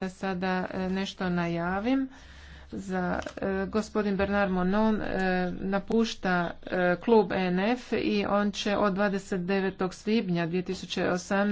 da sada e, nešto najavim. Za e, gospodin Bernard Monon e, napušta klub NF i on će od 29. svibnja 2018